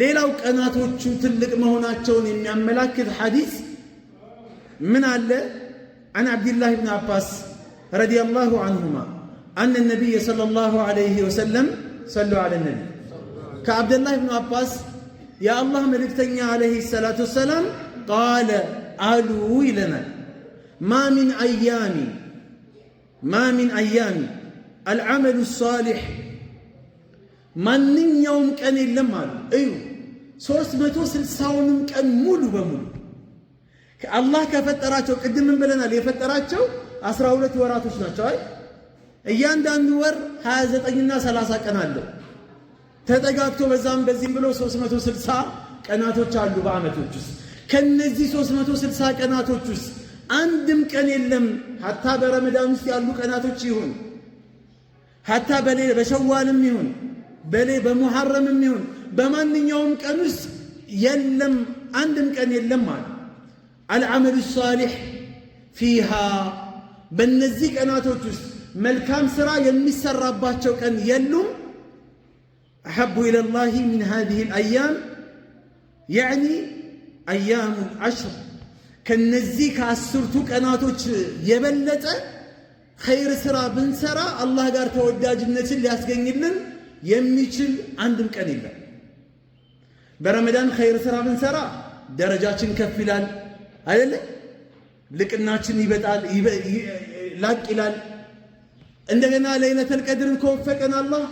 ሌላው ቀናቶቹ ትልቅ መሆናቸውን የሚያመላክት ሐዲስ ምን አለ? አን አብድላህ ብን አባስ ረዲየላሁ አንሁማ አነ ነቢይ ሰለላሁ ዐለይሂ ወሰለም ሰሉ ዐለ ነቢ ከአብደላህ ብን አባስ የአላህ መልእክተኛ ዐለይሂ ሰላቱ ወሰላም ቃለ አሉ ይለናል። ማ ሚን አያሚ ማ ሚን አያሚ አልዓመሉ ሷሊሕ ማንኛውም ቀን የለም አሉ። እዩ ሦስት መቶ ስልሳውንም ቀን ሙሉ በሙሉ አላህ ከፈጠራቸው ቅድምም ብለናል የፈጠራቸው አስራ ሁለት ወራቶች ናቸው። አይ እያንዳንዱ ወር 29ና 30 ቀን አለው ተጠጋግቶ በዛም በዚህም ብሎ 360 ቀናቶች አሉ በአመቶች ውስጥ። ከነዚህ 360 ቀናቶች ውስጥ አንድም ቀን የለም ሀታ በረመዳን ውስጥ ያሉ ቀናቶች ይሁን ሀታ በሌላ በሸዋልም ይሁን በሌ በሙሐረምም ይሁን በማንኛውም ቀን ውስጥ የለም አንድም ቀን የለም አለ። አልዓመሉ ሳሊሕ ፊሃ በእነዚህ ቀናቶች ውስጥ መልካም ሥራ የሚሰራባቸው ቀን የሉም። አሐቡ ኢለላሂ ሚን ሃዚሂል አያም ያዕኒ አያሙ ዐሽር ከነዚህ ከአስርቱ ቀናቶች የበለጠ ኸይር ሥራ ብንሠራ አላህ ጋር ተወዳጅነትን ሊያስገኝልን የሚችል አንድም ቀን የለም። በረመዳን ኸይር ስራ ብንሰራ ደረጃችን ከፍ ይላል አይደለ? ልቅናችን ይበጣል ላቅ ይላል። እንደገና ለይለተል ቀድርን ከወፈቀን አላህ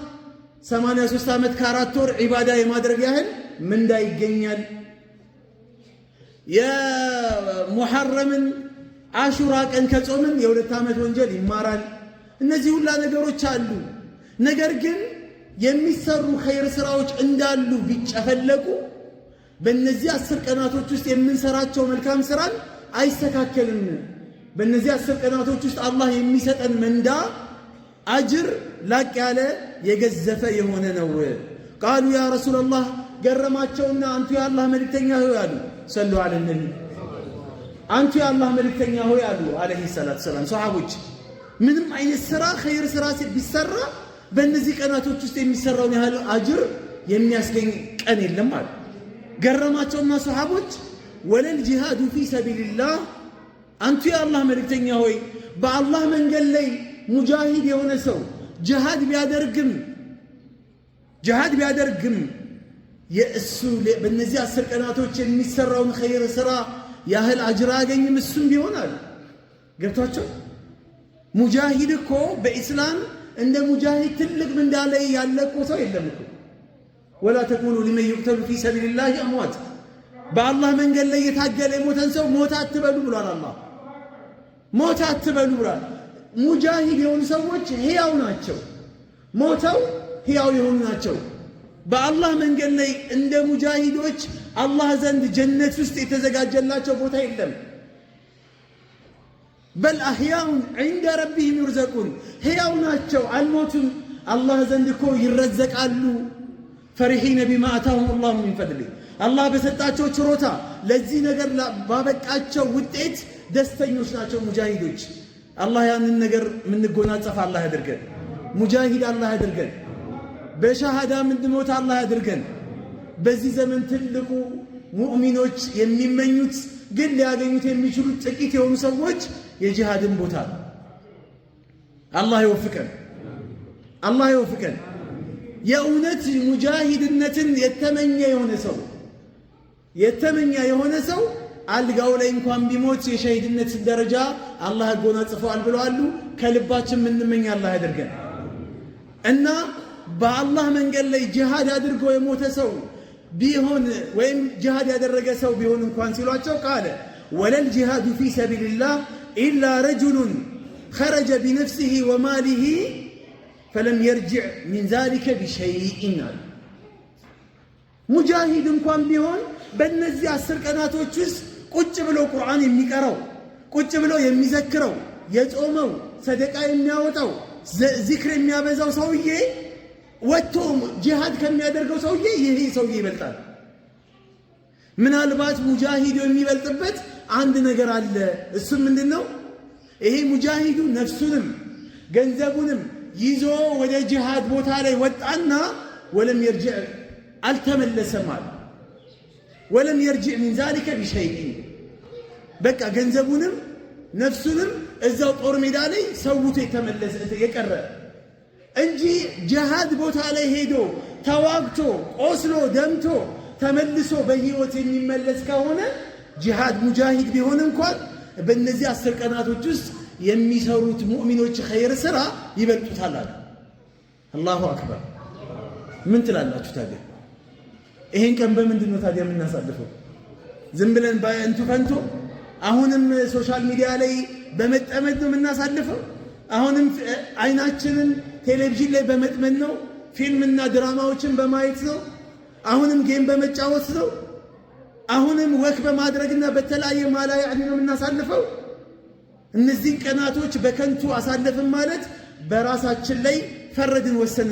83 ዓመት ከአራት ወር ዒባዳ የማድረግ ያህል ምንዳ ይገኛል። የሙሐረምን አሹራ ቀን ከጾምን የሁለት ዓመት ወንጀል ይማራል። እነዚህ ሁላ ነገሮች አሉ። ነገር ግን የሚሰሩ ኸይር ስራዎች እንዳሉ ቢጨፈለቁ በእነዚህ አስር ቀናቶች ውስጥ የምንሰራቸው መልካም ስራን አይስተካከልም። በእነዚህ አስር ቀናቶች ውስጥ አላህ የሚሰጠን መንዳ አጅር ላቅ ያለ የገዘፈ የሆነ ነው። ቃሉ ያ ረሱላላህ ገረማቸውና፣ አንቱ የአላህ መልእክተኛ ሆይ አሉ። ሰሉ አለ ነቢ አንቱ የአላህ መልእክተኛ ሆይ አሉ አለይሂ ሰላቱ ሰላም። ሰሃቦች ምንም አይነት ስራ ኸይር ስራ ቢሰራ በእነዚህ ቀናቶች ውስጥ የሚሰራውን ያህል አጅር የሚያስገኝ ቀን የለም አሉ። ገረማቸውና ሰሓቦች ወለል ጂሃዱ ፊ ሰቢልላህ አንቱ የአላህ መልእክተኛ ሆይ በአላህ መንገድ ላይ ሙጃሂድ የሆነ ሰው ጅሃድ ቢያደርግም ጅሃድ ቢያደርግም የእሱ በእነዚህ አስር ቀናቶች የሚሰራውን ኸይር ስራ ያህል አጅር አያገኝም እሱም ቢሆን አሉ። ገብቷቸው ሙጃሂድ እኮ በኢስላም እንደ ሙጃሂድ ትልቅ ምንዳ ላይ ያለ እኮ ሰው የለም እኮ። ወላ ተኩኑ ሊመን ዩቅተሉ ፊ ሰቢልላህ አምዋት፣ በአላህ መንገድ ላይ የታገለ የሞተን ሰው ሞት አትበሉ ብሏል። አላህ ሞት አትበሉ ብሏል። ሙጃሂድ የሆኑ ሰዎች ሕያው ናቸው፣ ሞተው ሕያው የሆኑ ናቸው። በአላህ መንገድ ላይ እንደ ሙጃሂዶች አላህ ዘንድ ጀነት ውስጥ የተዘጋጀላቸው ቦታ የለም። በል አህያውን ዒንደ ረቢህም ዩርዘቁን ሕያው ናቸው፣ አልሞቱም። አላህ ዘንድ እኮ ይረዘቃሉ። ፈሪሒነ ቢማ አታሁም አላሁ ሚን ፈድሊህ አላህ በሰጣቸው ችሮታ ለዚህ ነገር ባበቃቸው ውጤት ደስተኞች ናቸው ሙጃሂዶች። አላህ ያንን ነገር የምንጎናጸፍ አላህ ያድርገን። ሙጃሂድ አላህ ያድርገን። በሻሃዳ ምንድሞት አላህ ያድርገን። በዚህ ዘመን ትልቁ ሙእሚኖች የሚመኙት ግን ሊያገኙት የሚችሉት ጥቂት የሆኑ ሰዎች የጂሃድን ቦታ ነው። አላህ ይወፍቀን፣ አላህ ይወፍቀን። የእውነት ሙጃሂድነትን የተመኘ የሆነ ሰው የተመኛ የሆነ ሰው አልጋው ላይ እንኳን ቢሞት የሸሂድነት ደረጃ አላህ አጎናጽፈዋል ብለዋሉ። ከልባችን የምንመኝ አላህ ያደርገን እና በአላህ መንገድ ላይ ጂሃድ አድርጎ የሞተ ሰው ቢሆን ወይም ጂሃድ ያደረገ ሰው ቢሆን እንኳን ሲሏቸው ቃለ ወለል ጂሃዱ ፊ ሰቢልላህ ኢላ ረጁሉን ኸረጀ ቢነፍሲሂ ወማሊሂ ፈለም የርጅዕ ሚን ዛሊከ ቢሸይኢን አሉ። ሙጃሂድ እንኳን ቢሆን በእነዚህ አስር ቀናቶች ውስጥ ቁጭ ብሎ ቁርአን የሚቀረው ቁጭ ብሎ የሚዘክረው የጾመው ሰደቃ የሚያወጣው ዚክር የሚያበዛው ሰውዬ ወጥቶ ጂሃድ ከሚያደርገው ሰውዬ ይሄ ሰውዬ ይበልጣል። ምናልባት ሙጃሂዱ የሚበልጥበት አንድ ነገር አለ። እሱ ምንድን ነው? ይሄ ሙጃሂዱ ነፍሱንም ገንዘቡንም ይዞ ወደ ጂሃድ ቦታ ላይ ወጣና ወለም የርጅዕ አልተመለሰም አለ። ወለም የርጅዕ ሚን ዛሊከ ቢሸይእ በቃ ገንዘቡንም ነፍሱንም እዛው ጦር ሜዳ ላይ ሰውቶ የተመለሰ የቀረ እንጂ ጀሃድ ቦታ ላይ ሄዶ ተዋግቶ ቆስሎ ደምቶ ተመልሶ በህይወት የሚመለስ ከሆነ ጅሃድ ሙጃሂድ ቢሆን እንኳን በእነዚህ አስር ቀናቶች ውስጥ የሚሰሩት ሙእሚኖች ኸይር ስራ ይበልጡታል አሉ። አላሁ አክበር። ምን ትላላችሁ ታዲያ? ይሄን ቀን በምንድን ነው ታዲያ የምናሳልፈው? ዝም ብለን በእንቱ ፈንቶ አሁንም ሶሻል ሚዲያ ላይ በመጠመድ ነው የምናሳልፈው። አሁንም አይናችንን ቴሌቪዥን ላይ በመጥመን ነው፣ ፊልምና ድራማዎችን በማየት ነው፣ አሁንም ጌም በመጫወት ነው፣ አሁንም ወክ በማድረግና በተለያየ ማላያ ነው የምናሳልፈው። እነዚህን ቀናቶች በከንቱ አሳለፍን ማለት በራሳችን ላይ ፈረድን፣ ወሰን